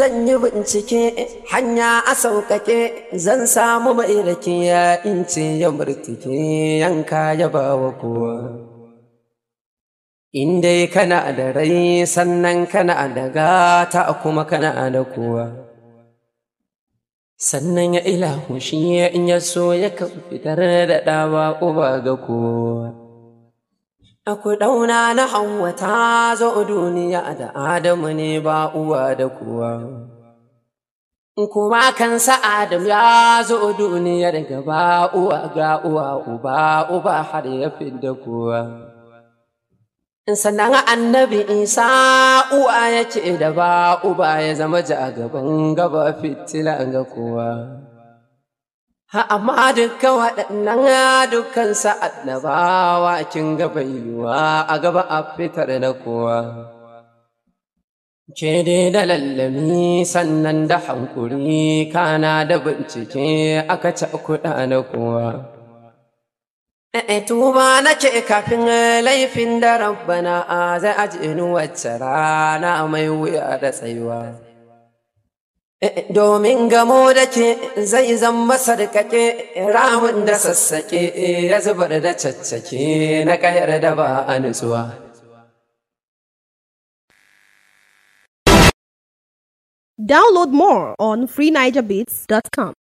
zan yi bincike hanya a sauƙaƙe zan samu mai rake ya ince ya murtuke yanka ya bawa kowa in dai kana da rai sannan kana da gata kuma kana da kowa sannan ya ilahu shi in ya so ya kan fitar da ɗawa uba ga kowa A kuɗauna na Hauwa ta zo duniya da Adamu ne ba uwa da kuwa. Kuma kansa Adamu ya zo duniya daga ba uwa ga uwa uba uba har ya da kuwa. Sannan annabi Isa uwa ya ce da ba uba ya zama ji a gaban gaba fitila ga kowa. amma duka waɗannan dukkan Sa'ad ba wa kin gaba yiwuwa, a gaba a fitar na kowa ke dai da lallami sannan da hankuri kana da bincike aka ci kuɗa na kowa eh, Tuba nake kafin laifin da rabbana zai ajinu wacce rana mai wuya da tsayuwa. domin gamo da ke zai zan da sassake ya zubar da caccake na kayar da ba a nutsuwa. Download more on freenigerbeats.com.